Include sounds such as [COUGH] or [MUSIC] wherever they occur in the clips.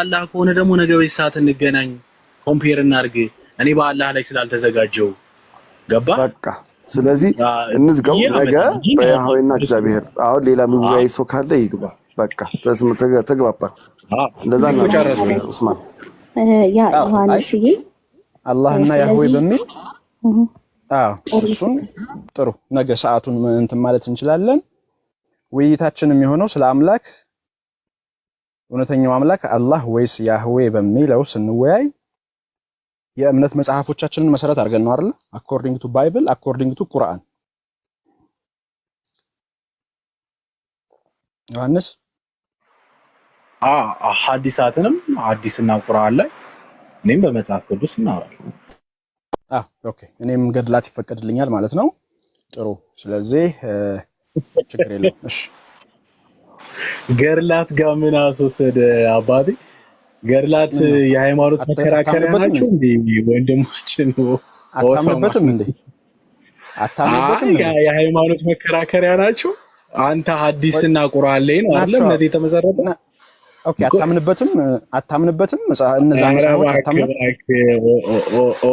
አላህ ከሆነ ደግሞ ነገ በዚህ ሰዓት እንገናኝ፣ ኮምፔር እናድርግ። እኔ በአላህ ላይ ስላልተዘጋጀው ገባ በቃ። ስለዚህ እንዝገው ነገ በያህዌና እግዚአብሔር አሁን ሌላ የሚወያይ ሰው ካለ ይግባ። በቃ ተግባባል። እንደዛ ነው ኡስማን። ያ ዮሐንስዬ አላህና ያህዌ በሚል አዎ፣ እሱን ጥሩ። ነገ ሰዓቱን እንትን ማለት እንችላለን። ውይይታችን የሚሆነው ስለ አምላክ እውነተኛው አምላክ አላህ ወይስ ያህዌ በሚለው ስንወያይ የእምነት መጽሐፎቻችንን መሰረት አድርገን ነው አይደል? አኮርዲንግ ቱ ባይብል አኮርዲንግ ቱ ቁርአን። ዮሐንስ ሐዲሳትንም አዲስና ቁርአን ላይ እኔም በመጽሐፍ ቅዱስ እናወራለን። ኦኬ እኔም ገድላት ይፈቀድልኛል ማለት ነው። ጥሩ። ስለዚህ ችግር የለም። እሺ ገርላት ጋር ምን አስወሰደ አባቴ? ገርላት የሃይማኖት መከራከሪያ ናቸው እንዴ? ወንድማችን አታምንበትም እንዴ? አታምንበትም? የሃይማኖት መከራከሪያ ናቸው። አንተ ሐዲስና ቁርአን ላይ ነው አይደል እምነት የተመሰረተ? ኦኬ፣ አታምንበትም? አታምንበትም? እነዛ ነው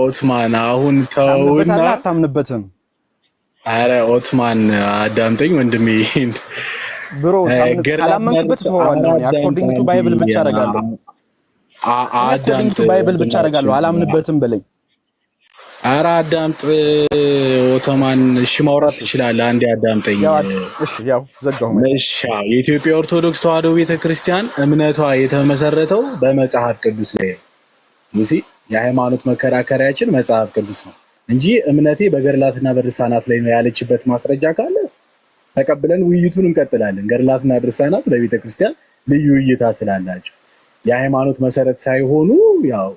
ኦትማን፣ አሁን ተውና፣ አታምንበትም። አረ ኦትማን አዳምጠኝ ወንድሜ ብሮ አላመንክበት ትሆናለህ። አኮርዲንግ ቱ ባይብል ብቻ አደርጋለሁ። አኮርዲንግ ቱ ባይብል ብቻ አደርጋለሁ። አላምንበትም በለኝ። ኧረ አዳምጥ ኦቶማን። እሺ ማውራት ትችላለህ። አንዴ አዳምጠኝ። ያው ዘጋሁ። እሺ የኢትዮጵያ ኦርቶዶክስ ተዋሕዶ ቤተክርስቲያን እምነቷ የተመሰረተው በመጽሐፍ ቅዱስ ላይ ነው። የሃይማኖት መከራከሪያችን መጽሐፍ ቅዱስ ነው እንጂ እምነቴ በገድላትና በድርሳናት ላይ ነው ያለችበት ማስረጃ ካለ ተቀብለን ውይይቱን እንቀጥላለን። ገድላትና ድርሳናት ለቤተ ክርስቲያን ልዩ እይታ ስላላቸው የሃይማኖት መሰረት ሳይሆኑ ያው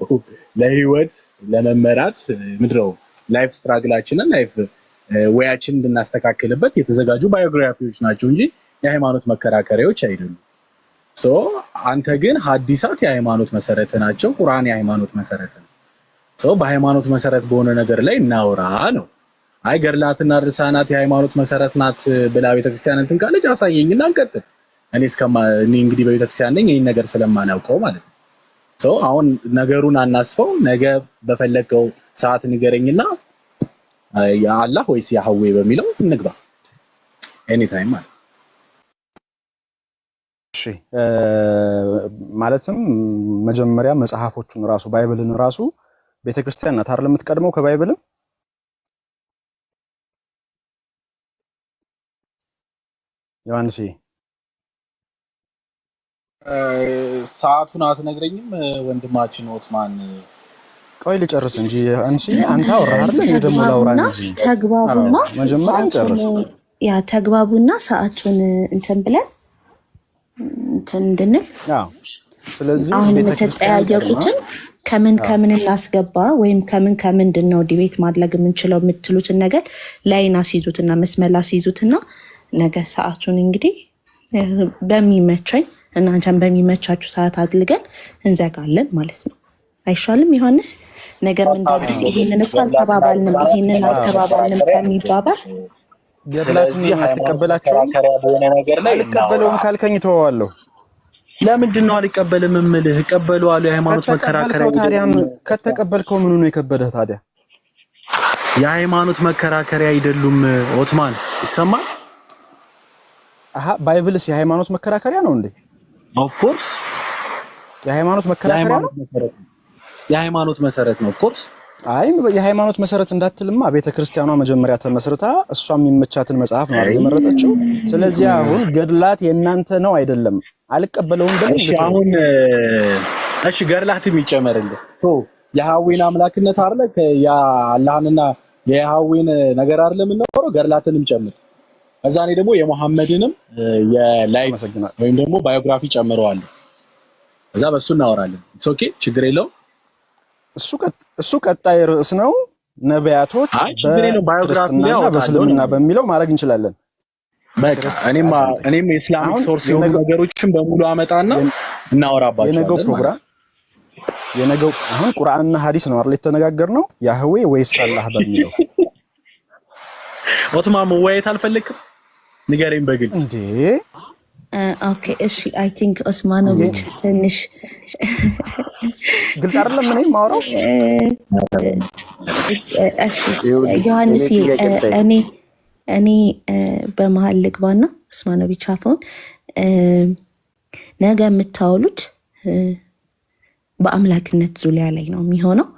ለህይወት ለመመራት ምድረው ላይፍ ስትራግላችንን ላይፍ ወያችን እንድናስተካክልበት የተዘጋጁ ባዮግራፊዎች ናቸው እንጂ የሃይማኖት መከራከሪያዎች አይደሉም። ሶ አንተ ግን ሀዲሳት የሃይማኖት መሰረት ናቸው፣ ቁርአን የሃይማኖት መሰረት ነው። ሶ በሃይማኖት መሰረት በሆነ ነገር ላይ እናውራ ነው። አይ ገድላትና ድርሳናት የሃይማኖት መሰረት ናት ብላ ቤተክርስቲያን እንትን ካለች አሳየኝና እንቀጥል። እኔ እስከማ እኔ እንግዲህ በቤተክርስቲያን ነኝ ይህን ነገር ስለማናውቀው ማለት ነው። ሰው አሁን ነገሩን አናስፈው። ነገ በፈለገው ሰዓት ንገረኝና አላህ ወይስ ያህዌ በሚለው እንግባ። ኤኒታይም ማለት እሺ። ማለትም መጀመሪያ መጽሐፎቹን ራሱ ባይብልን ራሱ ቤተክርስቲያን ናት አይደል የምትቀድመው ከባይብልም ዮሐንስ ሰዓቱን አትነግረኝም? ወንድማችን ኦትማን ቆይ ልጨርስ እንጂ አንቺ አንተ አውራህ አይደል? እኔ ደግሞ ላውራ እንጂ ተግባቡና መጀመሪያ እንጨርስ። ያ ተግባቡና ሰዓቱን እንትን ብለን እንትን እንድንል። ስለዚህ አሁን የተጠያየቁትን ከምን ከምን እናስገባ ወይም ከምን ከምን ነው ዲቤት ማድረግ የምንችለው የምትሉትን ነገር ላይን አስይዙትና መስመላ አስይዙትና ነገ ሰዓቱን እንግዲህ በሚመቸኝ እናንተን በሚመቻችሁ ሰዓት አድልገን እንዘጋለን ማለት ነው። አይሻልም? ዮሐንስ ነገር እንደ አዲስ ይሄንን እኮ አልተባባልንም፣ ይሄንን አልተባባልንም ከሚባባል አትቀበላቸውም። አልቀበለውም ካልከኝ ተወዋለሁ። ለምንድን ነው አልቀበልም እምልህ? እቀበለዋለሁ። የሃይማኖት መከራከሪያ ከተቀበልከው ምኑ ነው የከበደህ ታዲያ? የሃይማኖት መከራከሪያ አይደሉም። ኦትማን ይሰማል አሃ ባይብልስ የሃይማኖት መከራከሪያ ነው እንዴ? ኦፍ ኮርስ የሃይማኖት መከራከሪያ ነው። የሃይማኖት መሰረት ነው። ኦፍ ኮርስ አይ የሃይማኖት መሰረት እንዳትልማ ቤተ ክርስቲያኗ መጀመሪያ ተመስርታ እሷ የሚመቻትን መጽሐፍ ነው የመረጠችው። ስለዚህ አሁን ገድላት የእናንተ ነው አይደለም አልቀበለውም በል። እሺ አሁን እሺ ገድላት የሚጨመርልህ ቶ የሃዊን አምላክነት አይደለ ያ አላህንና የሃዊን ነገር አይደለም የምናወራው ገድላትንም ጨምር ከዛ እኔ ደግሞ የመሐመድንም የላይፍ ወይም ደግሞ ባዮግራፊ ጨምረዋለሁ። ከዛ በሱ እናወራለን። ኢትስ ኦኬ፣ ችግር የለው። እሱ እሱ ቀጣይ ርዕስ ነው። ነቢያቶች በክርስትናና በእስልምና በሚለው ማድረግ እንችላለን። በቃ እኔም እኔም የኢስላሚክ ሶርስ የሆኑ ነገሮችን በሙሉ አመጣና እናወራባቸዋለን። የነገው ፕሮግራም የነገው አሁን ቁርአንና ሐዲስ ነው አይደል ነው ያህዌ ወይስ አላህ በሚለው [LAUGHS] ኦትማሙ ወያየት አልፈልግም። ንገሬን በግልጽ ኦኬ እሺ። አይ ቲንክ ኦስማኖቪች ትንሽ ግልጽ አይደለም። እኔ ማውራው ዮሐንስ እኔ እኔ በመሀል ልግባና ኦስማኖቪች አፈውን ነገ የምታውሉት በአምላክነት ዙሪያ ላይ ነው የሚሆነው።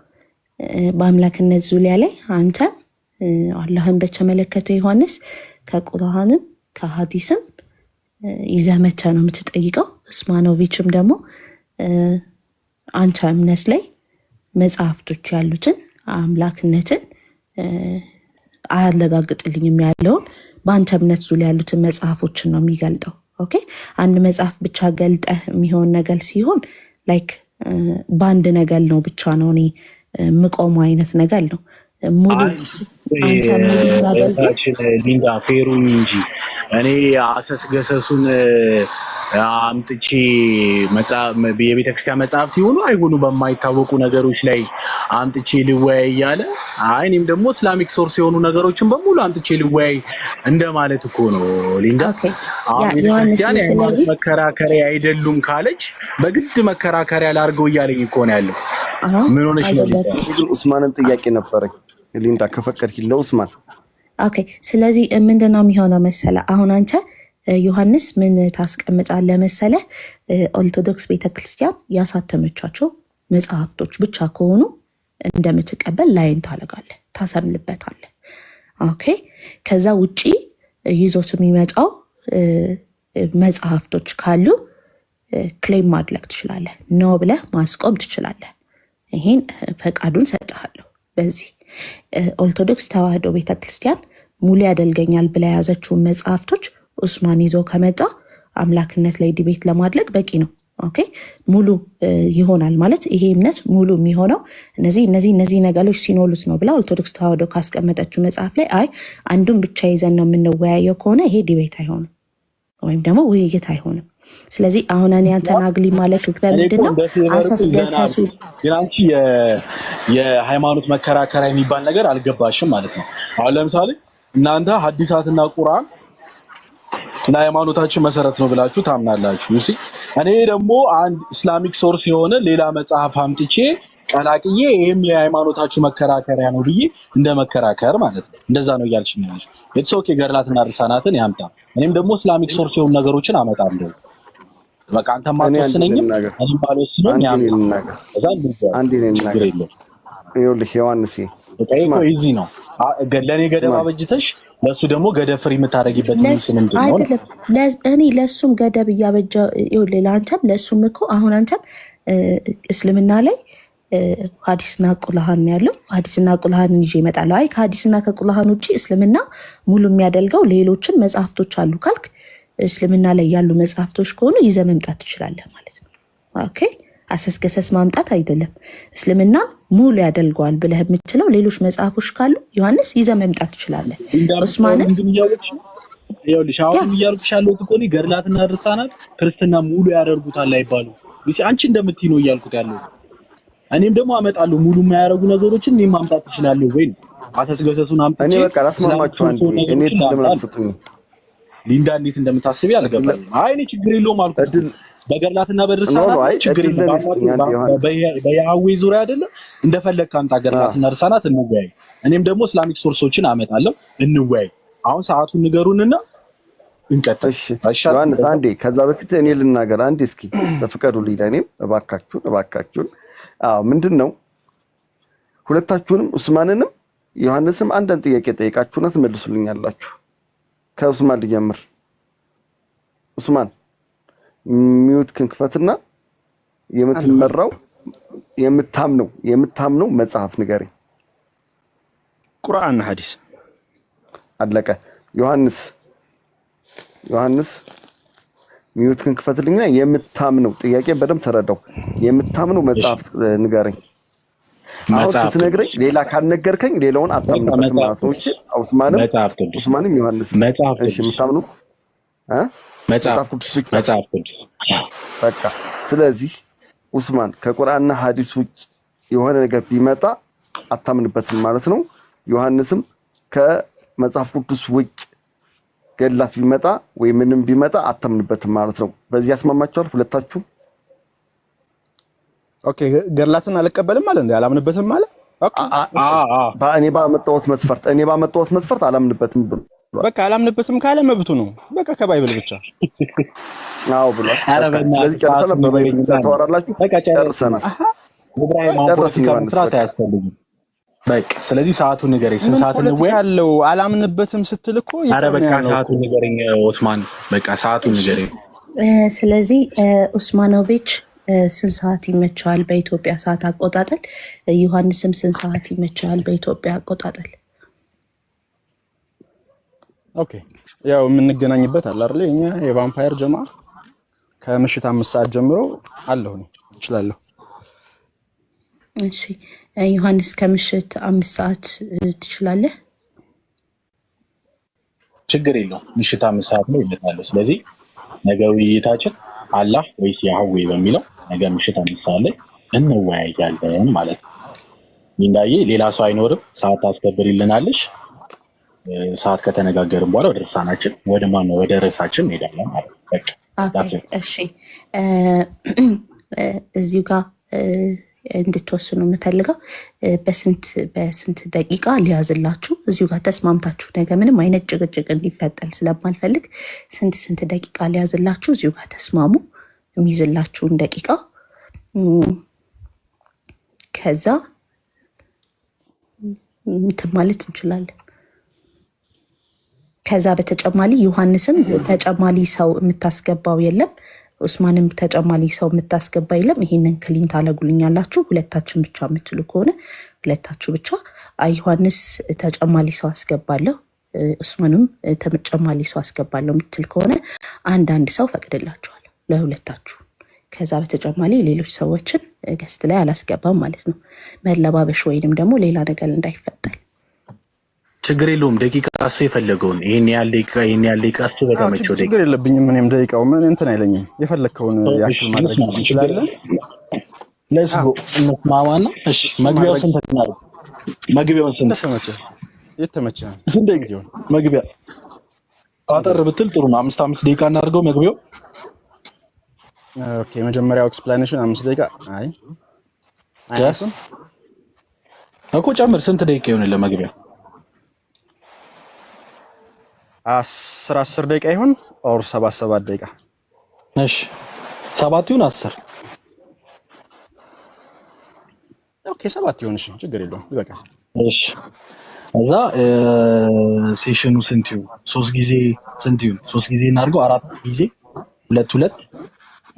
በአምላክነት ዙሪያ ላይ አንተ አላህን በተመለከተ ዮሐንስ ከቁርአንም ከሀዲስም ይዘመቻ ነው የምትጠይቀው። እስማኖቪችም ደግሞ አንቻ እምነት ላይ መጽሐፍቶች ያሉትን አምላክነትን አያረጋግጥልኝም ያለውን በአንተ እምነት ዙሪያ ያሉትን መጽሐፎችን ነው የሚገልጠው። ኦኬ አንድ መጽሐፍ ብቻ ገልጠህ የሚሆን ነገር ሲሆን ላይክ በአንድ ነገር ነው ብቻ ነው እኔ የምቆመው አይነት ነገር ነው ሙሉ ሊንዳ ፌሩ እንጂ እኔ አሰስ ገሰሱን አምጥቼ የቤተክርስቲያን መጽሐፍት ይሆኑ አይሆኑ በማይታወቁ ነገሮች ላይ አምጥቼ ልወያይ እያለ አይ እኔም ደግሞ እስላሚክ ሶርስ የሆኑ ነገሮችን በሙሉ አምጥቼ ልወያይ እንደማለት እኮ ነው። ሊንዳ። ቤተክርስቲያን የሃይማኖት መከራከሪያ አይደሉም ካለች በግድ መከራከሪያ ላድርገው እያለኝ እኮ ነው ያለው። ምን ሆነሽ ነው ኡስማንን ጥያቄ ነበረኝ ሊንዳ ከፈቀድኪ ለኡስማን ኦኬ። ስለዚህ ምንድን ነው የሚሆነው መሰለ አሁን አንቸ ዮሐንስ ምን ታስቀምጣለህ መሰለ ኦርቶዶክስ ቤተክርስቲያን ያሳተመቻቸው መጽሐፍቶች ብቻ ከሆኑ እንደምትቀበል ላይን ታደርጋለህ፣ ታሰምልበታለህ። ኦኬ። ከዛ ውጪ ይዞት የሚመጣው መጽሐፍቶች ካሉ ክሌም ማድረግ ትችላለህ፣ ነው ብለህ ማስቆም ትችላለህ። ይሄን ፈቃዱን ሰጥሃለሁ በዚህ ኦርቶዶክስ ተዋህዶ ቤተክርስቲያን ሙሉ ያደልገኛል ብላ የያዘችውን መጽሐፍቶች ኡስማን ይዞ ከመጣ አምላክነት ላይ ዲቤት ለማድረግ በቂ ነው። ኦኬ ሙሉ ይሆናል ማለት ይሄ እምነት ሙሉ የሚሆነው እነዚህ እነዚህ እነዚህ ነገሮች ሲኖሉት ነው ብላ ኦርቶዶክስ ተዋህዶ ካስቀመጠችው መጽሐፍ ላይ አይ አንዱን ብቻ ይዘን ነው የምንወያየው ከሆነ ይሄ ዲቤት አይሆንም ወይም ደግሞ ውይይት አይሆንም። ስለዚህ አሁን እኔ አንተን አግሊ ማለት በምንድን ነው? አሰስገሰሱ ግን አንቺ የሃይማኖት መከራከሪያ የሚባል ነገር አልገባሽም ማለት ነው። አሁን ለምሳሌ እናንተ ሀዲሳትና ቁርአን ለሃይማኖታችን መሰረት ነው ብላችሁ ታምናላችሁ። እሺ እኔ ደግሞ አንድ ኢስላሚክ ሶርስ የሆነ ሌላ መጽሐፍ አምጥቼ ቀላቅዬ ይህም የሃይማኖታችሁ መከራከሪያ ነው ብዬ እንደ መከራከር ማለት ነው። እንደዛ ነው እያልሽኝ ነው። ኢትስ ኦኬ ገድላትና ድርሳናትን ያምጣ። እኔም ደግሞ ኢስላሚክ ሶርስ የሆኑ ነገሮችን አመጣለሁ። በቃ አንተም አትወስነኝም ይኸውልህ ዮሐንስ ይዚ ነው ለእኔ ገደብ አበጅተሽ ለእሱ ደግሞ ገደብ ፍሪ እኔ ለእሱም ገደብ እያበጀ ለአንተም ለእሱም እኮ አሁን አንተም እስልምና ላይ ሀዲስና ቁልሃን ያለው ሀዲስና ቁልሃንን ይዤ እመጣለሁ። አይ ከሀዲስና ከቁልሃን ውጭ እስልምና ሙሉ የሚያደልገው ሌሎችን መጽሐፍቶች አሉ ካልክ እስልምና ላይ ያሉ መጽሐፍቶች ከሆኑ ይዘ መምጣት ትችላለህ ማለት ነው። ኦኬ አሰስገሰስ ማምጣት አይደለም። እስልምና ሙሉ ያደልገዋል ብለህ የምችለው ሌሎች መጽሐፎች ካሉ ዮሐንስ ይዘ መምጣት ትችላለህ። ኡስማንን ይኸውልሽ እያልኩሽ ያለሁት እኮ ገድላትና ድርሳናት ክርስትና ሙሉ ያደርጉታል አይባሉ አንቺ እንደምትይ ነው እያልኩት ያለሁት። እኔም ደግሞ አመጣለሁ ሙሉ የማያደርጉ ነገሮችን እኔም ማምጣት ትችላለሁ ወይ አሰስገሰሱን አምጥቼ እኔ በቃ ራስ ማማችሁ አንቺ እኔ ሊንዳ እንዴት እንደምታስብ አልገባኝም። አይ እኔ ችግር የለውም አልኩት። በገድላትና በድርሳናት ችግር የለውም በያህዌ ዙሪያ አይደለም እንደፈለግ ካምጣ ገድላትና ድርሳናት እንወያይ። እኔም ደግሞ እስላሚክ ሶርሶችን አመጣለሁ እንወያይ። አሁን ሰዓቱን ንገሩንና እንቀጥል። ዮሐንስ አንዴ፣ ከዛ በፊት እኔ ልናገር አንዴ እስኪ ሊዳ እኔም እባካችሁን እባካችሁን፣ ምንድን ነው ሁለታችሁንም ኡስማንንም ዮሐንስም አንዳንድ ጥያቄ ጠይቃችሁና ትመልሱልኛላችሁ። ከኡስማን ልጀምር። ኡስማን ሚውት ክንክፈትና የምትመራው የምታምነው የምታምነው መጽሐፍ ንገሪ። ቁርአንና ሐዲስ አለቀ። ዮሐንስ ዮሐንስ ሚውት ክንክፈትልኛ የምታምነው ጥያቄ በደንብ ተረዳው። የምታምነው መጽሐፍ ንገረኝ። አሁን ስትነግረኝ ሌላ ካልነገርከኝ ሌላውን አታምንበትም። ዮሐንስ በቃ። ስለዚህ ኡስማን ከቁርአንና ሀዲስ ውጭ የሆነ ነገር ቢመጣ አታምንበትም ማለት ነው። ዮሐንስም ከመጽሐፍ ቅዱስ ውጭ ገላት ቢመጣ ወይ ምንም ቢመጣ አታምንበትም ማለት ነው። በዚህ ያስማማችኋል ሁለታችሁም? ኦኬ ገድላትን አልቀበልም ማለት እንዴ? አላምንበትም ማለት እኔ ባመጣሁት መስፈርት እኔ ባመጣሁት መስፈርት አላምንበትም ብሎ በቃ አላምንበትም ካለ መብቱ ነው። በቃ ከባይብል ብቻ [LAUGHS] አዎ ብሎ ስለዚህ ጨርሰናል። በባይብል ብቻ ታወራላችሁ። በቃ ጨርሰናል። ኢብራሂም ፖለቲካ መስራት አያስፈልግም። በቃ ስለዚህ ሰዓቱን ንገረኝ። ስንት ሰዓት እንወያይ ያለው አላምንበትም ስትል እኮ ኧረ በቃ ሰዓቱ ንገረኝ ኦስማን፣ በቃ ሰዓቱን ንገረኝ። ስለዚህ ኡስማኖቪች ስንት ሰዓት ይመቸዋል በኢትዮጵያ ሰዓት አቆጣጠል? ዮሐንስም ስንት ሰዓት ይመቸዋል በኢትዮጵያ አቆጣጠል? ኦኬ ያው የምንገናኝበት አለ አይደል? እኛ የቫምፓየር ጀማ ከምሽት አምስት ሰዓት ጀምሮ አለሁ እችላለሁ። እሺ ዮሐንስ ከምሽት አምስት ሰዓት ትችላለህ? ችግር የለውም። ምሽት አምስት ሰዓት ነው ይመጣለሁ። ስለዚህ ነገ ውይይታችን አላህ ወይስ ያህዌ በሚለው ነገ ምሽት አንሳለን እንወያያለን ማለት ነው። እንዳየ ሌላ ሰው አይኖርም። ሰዓት ታስከብሪልናለሽ። ሰዓት ከተነጋገርም በኋላ ወደ ርሳናችን ወደ ማን ወደ ርዕሳችን እንሄዳለን ማለት ነው። እሺ እዚሁ ጋር እንድትወስኑ የምፈልገው በስንት ደቂቃ ሊያዝላችሁ እዚሁ ጋር ተስማምታችሁ ነገ ምንም አይነት ጭቅጭቅ እንዲፈጠል ስለማልፈልግ ስንት ስንት ደቂቃ ሊያዝላችሁ እዚሁ ጋር ተስማሙ። የሚይዝላችሁን ደቂቃ ከዛ እንትን ማለት እንችላለን። ከዛ በተጨማሪ ዮሐንስም ተጨማሪ ሰው የምታስገባው የለም። ኡስማንም ተጨማሪ ሰው የምታስገባ የለም። ይሄንን ክሊን ታደርጉልኛላችሁ ሁለታችን ብቻ የምትሉ ከሆነ ሁለታችሁ ብቻ። አይ ዮሐንስ ተጨማሪ ሰው አስገባለሁ፣ ኡስማንም ተጨማሪ ሰው አስገባለሁ የምትል ከሆነ አንዳንድ ሰው ፈቅድላችኋል ለሁለታችሁ። ከዛ በተጨማሪ ሌሎች ሰዎችን ገስት ላይ አላስገባም ማለት ነው። መለባበሽ ወይንም ደግሞ ሌላ ነገር እንዳይፈጠል። ችግር የለውም። ደቂቃ እሱ የፈለገውን ይህን ያህል ደቂቃ ይህን ያህል ደቂቃ እሱ በጣም ችግር የለብኝም። እኔም ደቂቃው ምን እንትን አይለኝም። የፈለግከውን ያክል ማድረግ እንችላለን። ለህዝቡ እንስማማና መግቢያው ስንት ነው? መግቢያውን ስንት ተመቸህ? የተመቸህ ስንት ደቂቃ መግቢያ አጠር ብትል ጥሩ ነው። አምስት አምስት ደቂቃ እናድርገው መግቢያው። ኦኬ መጀመሪያው ኤክስፕላኔሽን አምስት ደቂቃ አይ አያስም እኮ ጨምር። ስንት ደቂቃ ይሆንልህ መግቢያው? አስር አስር ደቂቃ ይሁን ኦር ሰባት ሰባት ደቂቃ እሺ፣ ሰባት ይሁን አስር ኦኬ፣ ሰባት ይሁን እሺ፣ ችግር የለውም ይበቃል። እሺ፣ እዛ ሴሽኑ ስንት ይሁን? ሶስት ጊዜ ስንት ይሁን? ሶስት ጊዜ እናድርገው፣ አራት ጊዜ ሁለት ሁለት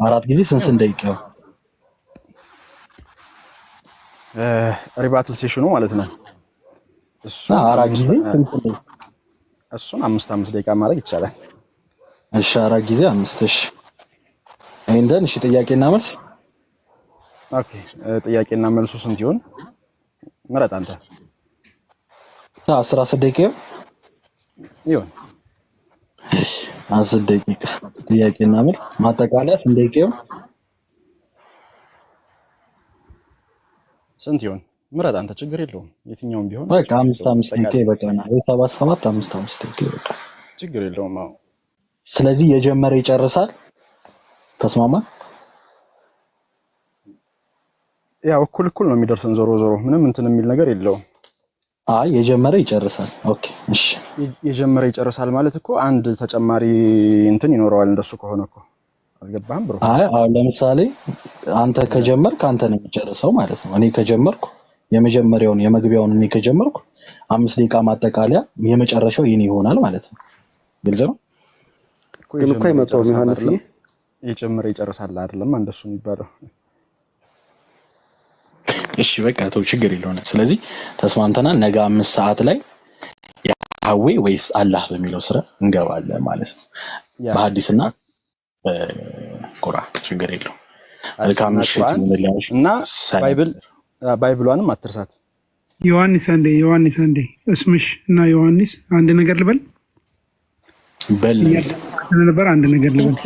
አራት ጊዜ ስንት ስንት ደቂቃ ይሁን? ሪባትል ሴሽኑ ማለት ነው እሱ አራት ጊዜ ስንት እሱን አምስት አምስት ደቂቃ ማድረግ ይቻላል። እሺ፣ አራት ጊዜ አምስት። እሺ፣ አይንደን። እሺ፣ ጥያቄና መልስ። ኦኬ፣ ጥያቄና መልሱ ስንት ይሆን? ምረጥ አንተ። አስር አስር ደቂቃ ይሁን። አስር ደቂቃ ጥያቄና መልስ። ማጠቃለያ ስንት ደቂቃ ይሁን? ስንት ይሆን? ምረጥ አንተ ችግር የለውም የትኛውም ቢሆን አምስት አምስት አምስት አምስት ችግር የለውም። ስለዚህ የጀመረ ይጨርሳል። ተስማማ። ያው እኩል እኩል ነው የሚደርሰን። ዞሮ ዞሮ ምንም እንትን የሚል ነገር የለውም። አይ የጀመረ ይጨርሳል። ኦኬ እሺ። የጀመረ ይጨርሳል ማለት እኮ አንድ ተጨማሪ እንትን ይኖረዋል። እንደሱ ከሆነ እኮ አልገባህም ብሮ። አይ አሁን ለምሳሌ አንተ ከጀመርክ አንተ ነው የሚጨርሰው ማለት ነው። እኔ ከጀመርኩ የመጀመሪያውን የመግቢያውን እኔ ከጀመርኩ አምስት ደቂቃ ማጠቃለያ የመጨረሻው ይህን ይሆናል ማለት ነው። ግልጽ ነው። ግን እኮ አይመጣውም ዮሐንስ የጨመረ ይጨርሳል አይደለም እንደሱ የሚባለው። እሺ በቃ ተው፣ ችግር የለውም። ስለዚህ ተስማምተናል። ነገ አምስት ሰዓት ላይ ያህዌ ወይስ አላህ በሚለው ስራ እንገባለን ማለት ነው። በሀዲስና በቁራ ችግር የለውም። መልካም ምሽት እና ባይብል ባይብሏንም አትርሳት። ዮሐንስ አንዴ ዮሐንስ አንዴ እስምሽ እና ዮሐንስ አንድ ነገር ልበል በል ነበር። አንድ ነገር ልበል።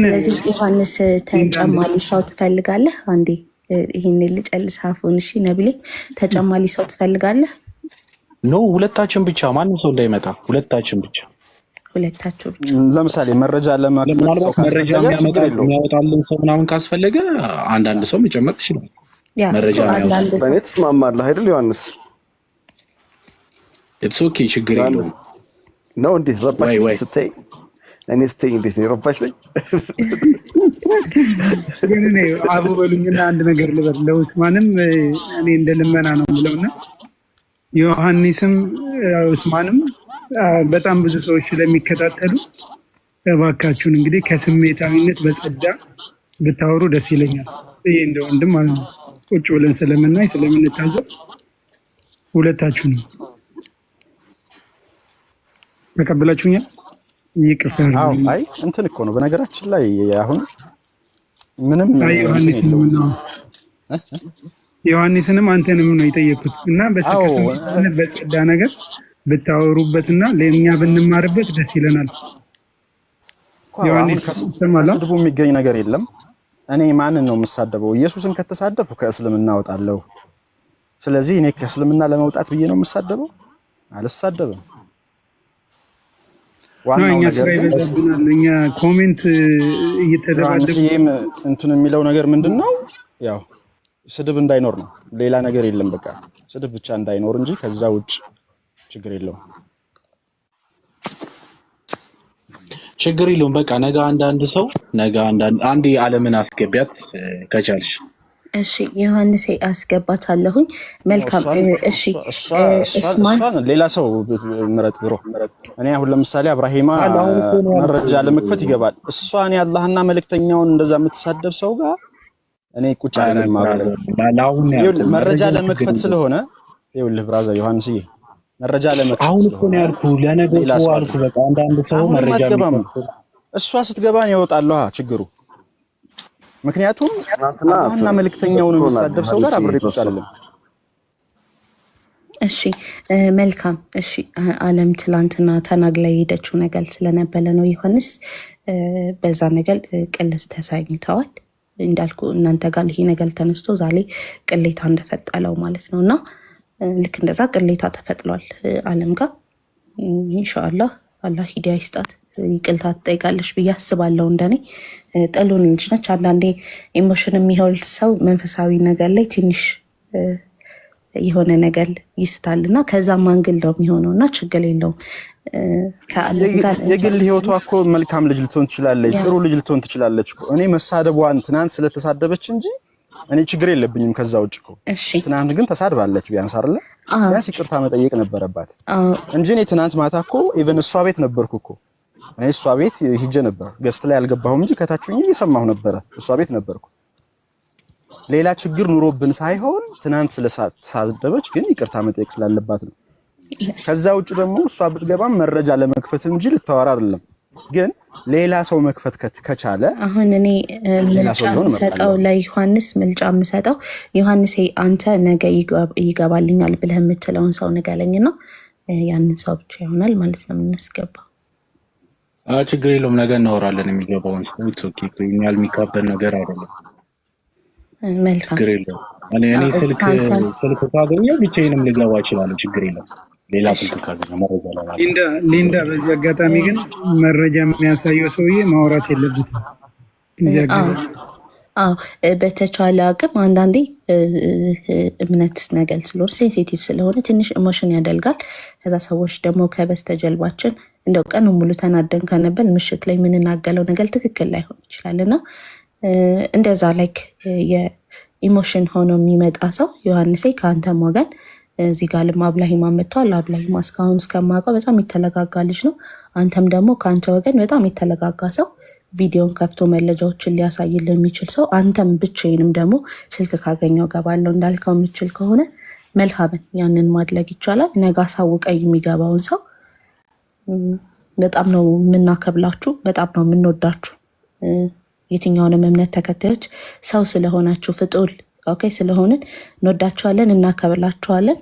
ስለዚህ ዮሐንስ ተጨማሪ ሰው ትፈልጋለህ? አንዴ ይህን ልጨልስ። አፉን እሺ፣ ነብሌ ተጨማሪ ሰው ትፈልጋለህ? ኖ ሁለታችን ብቻ፣ ማንም ሰው እንዳይመጣ፣ ሁለታችን ብቻ ሁለታችሁ ብቻ። ለምሳሌ መረጃ ለማመረጃ የሚያመጣልን ሰው ምናምን ካስፈለገ አንዳንድ ሰው መጨመር ትችላል። መረጃ ነው። ትስማማለህ አይደል ዮሐንስ? ኢትስ ኦኬ ችግር የለውም ነው። እንዴት ረባሽ ስትይ እኔ ስትይ እንዴት ነው ረባሽ ነኝ? ግን እኔ አቡ በሉኝና አንድ ነገር ልበል። ለኡስማንም እኔ እንደ ልመና ነው ብለውና ዮሐንስም ውስማንም በጣም ብዙ ሰዎች ስለሚከታተሉ እባካችሁን እንግዲህ ከስሜታዊነት በጸዳ ብታወሩ ደስ ይለኛል። ይሄ እንደ ወንድም ማለት ነው። ቁጭ ብለን ስለምናይ ስለምንታዘብ ሁለታችሁ ነው ተቀብላችሁኛል። ይቅርታ። አይ እንትን እኮ ነው በነገራችን ላይ አሁን ምንም ዮሐንስንም አንተንም ነው የጠየኩት እና በስከስነት በጸዳ ነገር ብታወሩበትና ለእኛ ብንማርበት ደስ ይለናል። ዮሐንስ ስድቡ የሚገኝ ነገር የለም እኔ ማንን ነው የምሳደበው? ኢየሱስን ከተሳደብኩ ከእስልምና እወጣለሁ። ስለዚህ እኔ ከእስልምና ለመውጣት ብዬ ነው የምሳደበው? አልሳደብም። ዋናው ነገር እንትን የሚለው ነገር ምንድን ነው? ያው ስድብ እንዳይኖር ነው። ሌላ ነገር የለም። በቃ ስድብ ብቻ እንዳይኖር እንጂ ከዛ ውጭ ችግር የለውም። ችግር የለውም። በቃ ነገ አንዳንድ ሰው ነገ አንዳንድ አንዴ አለምን አስገቢያት ከቻልሽ። እሺ ዮሐንስ አስገባት አለሁኝ። መልካም እሺ። ሌላ ሰው ምረጥ ብሮ። እኔ አሁን ለምሳሌ አብራሂማ መረጃ ለመክፈት ይገባል። እሷን የአላህና መልእክተኛውን እንደዛ የምትሳደብ ሰው ጋር እኔ ቁጭ መረጃ ለመክፈት ስለሆነ ይኸውልህ ብራዘር ዮሐንስዬ መረጃ ለመ አሁን እኮ ነው ያልኩህ። ለነገሩ አልኩህ። በቃ አንዳንድ ሰው መረጃ እሷ ስትገባ ነው ያወጣለሁ ችግሩ። ምክንያቱም መልክተኛው ነው የሚሳደብ ሰው ጋር አብሬ ቁጭ አልልም። እሺ መልካም። እሺ አለም ትላንትና ተናግላ የሄደችው ነገር ስለነበረ ነው ዮሐንስ፣ በዛ ነገር ቅልስ ተሳኝተዋል እንዳልኩ እናንተ ጋር ይሄ ነገር ተነስቶ ዛሬ ቅሌታ እንደፈጠለው ማለት ነው እና ልክ እንደዛ ቅሌታ ተፈጥሏል አለም ጋር ኢንሻአላህ አላህ ሂዳያ ይስጣት። ይቅልታ ትጠይቃለች ብዬ አስባለሁ። እንደኔ ጥሉን ልጅ ነች። አንዳንዴ ኢሞሽን የሚሆል ሰው መንፈሳዊ ነገር ላይ ትንሽ የሆነ ነገር ይስታል እና ከዛ ማንግል ነው የሚሆነው እና ችግር የለውም። የግል ህይወቷ እኮ መልካም ልጅ ልትሆን ትችላለች፣ ጥሩ ልጅ ልትሆን ትችላለች። እኔ መሳደቧን ትናንት ስለተሳደበች እንጂ እኔ ችግር የለብኝም ከዛ ውጭ እኮ። ትናንት ግን ተሳድባለች ቢያንስ አይደለ? ቢያንስ ይቅርታ መጠየቅ ነበረባት እንጂ እኔ ትናንት ማታ እኮ ኢቨን እሷ ቤት ነበርኩ እኮ እኔ እሷ ቤት ሂጄ ነበር። ገስት ላይ አልገባሁም እንጂ ከታችሁኝ እየሰማሁ ነበረ። እሷ ቤት ነበርኩ። ሌላ ችግር ኑሮብን ሳይሆን ትናንት ስለተሳደበች ግን ይቅርታ መጠየቅ ስላለባት ነው። ከዛ ውጭ ደግሞ እሷ ብትገባም መረጃ ለመክፈት እንጂ ልታወራ አይደለም። ግን ሌላ ሰው መክፈት ከቻለ አሁን እኔ ምልጫ የምሰጠው ለዮሐንስ ምልጫ የምሰጠው ዮሐንስ አንተ ነገ ይገባልኛል ብለህ የምትለውን ሰው ንገለኝ ነው። ያንን ሰው ብቻ ይሆናል ማለት ነው የምናስገባው ችግር የለውም ነገ እናወራለን። የሚገባውን ሰውኛል የሚካበድ ነገር አይደለም። መልካም ችግር የለውም። እኔ ስልክ ካገኘሁ ብቻዬንም ልገባ እችላለሁ። ችግር የለም። ሌላ ፖለቲካ ሊንዳ፣ በዚህ አጋጣሚ ግን መረጃ የሚያሳየው ሰውዬ ማውራት የለበትም። በተቻለ አቅም አንዳንዴ እምነት ነገር ስለሆነ ሴንሲቲቭ ስለሆነ ትንሽ ኢሞሽን ያደልጋል። ከዛ ሰዎች ደግሞ ከበስተጀልባችን እንደው ቀን ሙሉ ተናደን ከነበን ምሽት ላይ የምንናገለው ነገር ትክክል ላይሆን ይችላል እና እንደዛ ላይክ የኢሞሽን ሆኖ የሚመጣ ሰው ዮሐንሴ ከአንተም ወገን እዚህ ጋር ልማ አብላሂማ መጥተዋል። አብላሂማ እስካሁን እስከማውቀው በጣም የተለጋጋ ልጅ ነው። አንተም ደግሞ ከአንተ ወገን በጣም የተለጋጋ ሰው ቪዲዮን ከፍቶ መለጃዎችን ሊያሳይል የሚችል ሰው አንተም ብቻዬንም ደግሞ ስልክ ካገኘው ገባለው እንዳልከው የምችል ከሆነ መልሀበን ያንን ማድረግ ይቻላል። ነገ አሳውቀኝ የሚገባውን ሰው። በጣም ነው የምናከብላችሁ፣ በጣም ነው የምንወዳችሁ የትኛውንም እምነት ተከታዮች ሰው ስለሆናችሁ ፍጡል ኦኬ ስለሆንን እንወዳቸዋለን፣ እናከብላቸዋለን።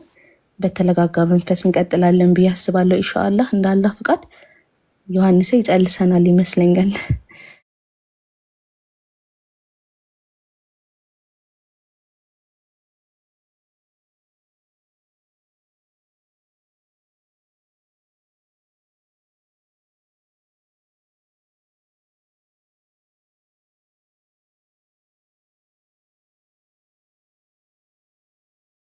በተለጋጋ መንፈስ እንቀጥላለን ብዬ አስባለሁ። ኢንሻአላህ አላህ ፍቃድ ዮሐንሴ ይጨልሰናል ይመስለኛል።